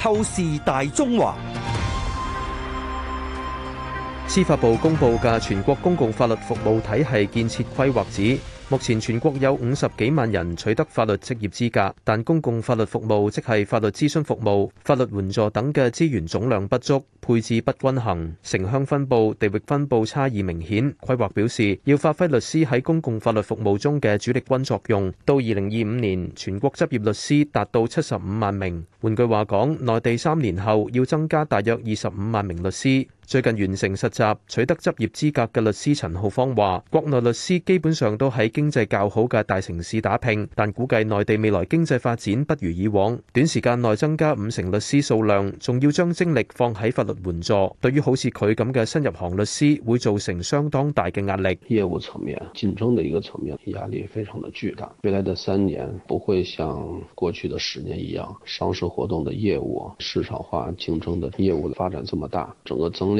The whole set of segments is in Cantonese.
透視大中華。司法部公布嘅全國公共法律服務體系建設規劃指，目前全國有五十幾萬人取得法律職業資格，但公共法律服務即係法律諮詢服務、法律援助等嘅資源總量不足、配置不均衡、城鄉分布、地域分布差異明顯。規劃表示，要發揮律師喺公共法律服務中嘅主力軍作用，到二零二五年，全國執業律師達到七十五萬名。換句話講，內地三年後要增加大約二十五萬名律師。最近完成實習取得執業資格嘅律師陳浩方話，國內律師基本上都喺經濟較好嘅大城市打拼，但估計內地未來經濟發展不如以往，短時間內增加五成律師數量，仲要將精力放喺法律援助。對於好似佢咁嘅新入行律師，會造成相當大嘅壓力。業務層面，競爭的一個層面壓力非常的巨大。未來的三年不會像過去的十年一樣，上市活動的業務市場化競爭的業務的發展這麼大，整個增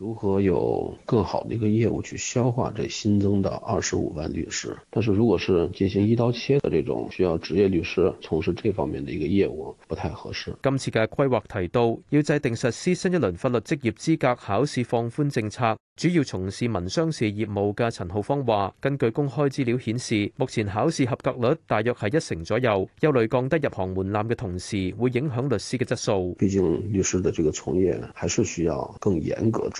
如何有更好的一個業務去消化這新增的二十五萬律師？但是如果是進行一刀切的這種，需要執業律師從事這方面的一個業務，不太合適。今次嘅規劃提到，要制定實施新一輪法律職業資格考試放寬政策。主要從事民商事業務嘅陳浩方話，根據公開資料顯示，目前考試合格率大約係一成左右。憂慮降低入行門檻嘅同時，會影響律師嘅質素。畢竟律師的這個從業還是需要更嚴格。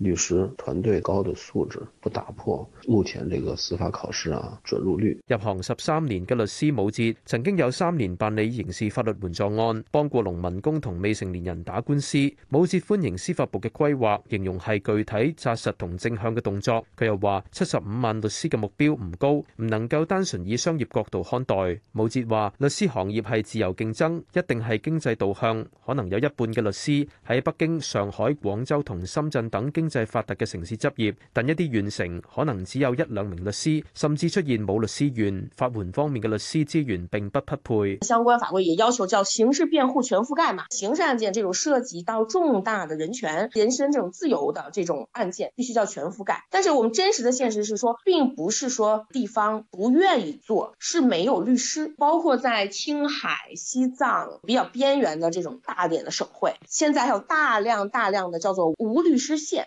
律師團隊高的素質，不打破目前這個司法考試啊准入率。入行十三年嘅律師武哲，曾經有三年辦理刑事法律援助案，幫過農民工同未成年人打官司。武哲歡迎司法部嘅規劃，形容係具體紮實同正向嘅動作。佢又話七十五萬律師嘅目標唔高，唔能夠單純以商業角度看待。武哲話律師行業係自由競爭，一定係經濟導向，可能有一半嘅律師喺北京、上海、廣州同深圳等經。在發達嘅城市執業，但一啲縣城可能只有一兩名律師，甚至出現冇律師院。法援方面嘅律師資源並不匹配。相關法規也要求叫刑事辯護全覆蓋嘛，刑事案件這種涉及到重大的人權、人身這種自由的這種案件，必須叫全覆蓋。但是我們真實的現實是說，並不是說地方不願意做，是沒有律師，包括在青海、西藏比較邊緣的這種大點的省會，現在還有大量大量的叫做無律師縣。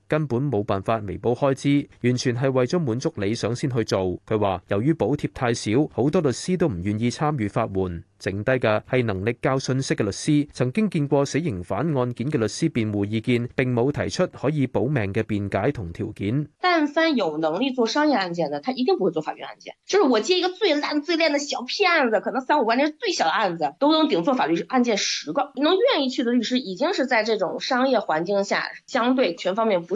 根本冇辦法彌補開支，完全係為咗滿足理想先去做。佢話：由於補貼太少，好多律師都唔願意參與法援，剩低嘅係能力較信息嘅律師。曾經見過死刑犯案件嘅律師辯護意見，並冇提出可以保命嘅辯解同條件。但凡有能力做商業案件嘅，他一定不會做法律案件。就是我接一個最爛最爛的小騙子，可能三五萬年是最小嘅案子，都能頂做法律案件十個。能願意去嘅律師已經是在這種商業環境下，相對全方面不。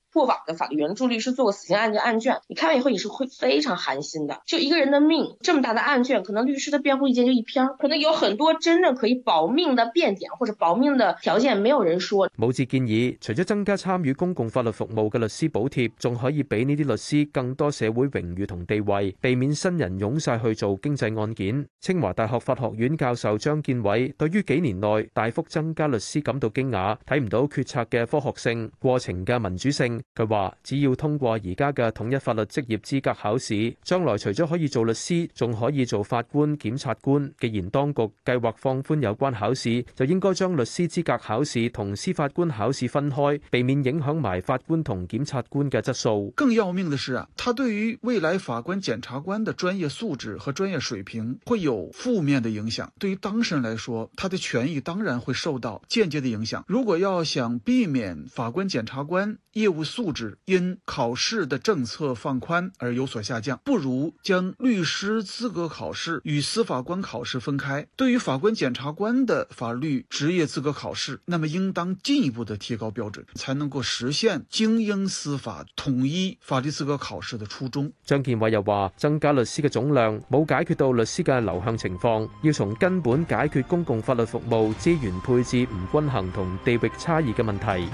過往嘅法律援助律師做過死刑案件案卷，你看完以後，你是會非常寒心的。就一個人的命，這麼大的案卷，可能律師的辯護意見就一篇，可能有很多真正可以保命的辯點或者保命的條件，沒有人說。武志建議，除咗增加參與公共法律服務嘅律師補貼，仲可以俾呢啲律師更多社會榮譽同地位，避免新人湧晒去做經濟案件。清華大學法學院教授張建偉對於幾年內大幅增加律師感到驚訝，睇唔到決策嘅科學性，過程嘅民主性。佢話只要通過而家嘅統一法律職業資格考試，將來除咗可以做律師，仲可以做法官、檢察官。既然當局計劃放寬有關考試，就應該將律師資格考試同司法官考試分開，避免影響埋法官同檢察官嘅質素。更要命的是啊，他對於未來法官、檢察官的專業素質和專業水平會有負面的影響。對於當事人來說，他的權益當然會受到間接的影響。如果要想避免法官、檢察官業務，素質因考試的政策放寬而有所下降，不如將律師資格考試與司法官考試分開。對於法官、檢察官的法律職業資格考試，那麼應當進一步的提高標準，才能夠實現精英司法、統一法律資格考試的初衷。張建偉又話，增加律師嘅總量冇解決到律師嘅流向情況，要從根本解決公共法律服務資源配置唔均衡同地域差異嘅問題。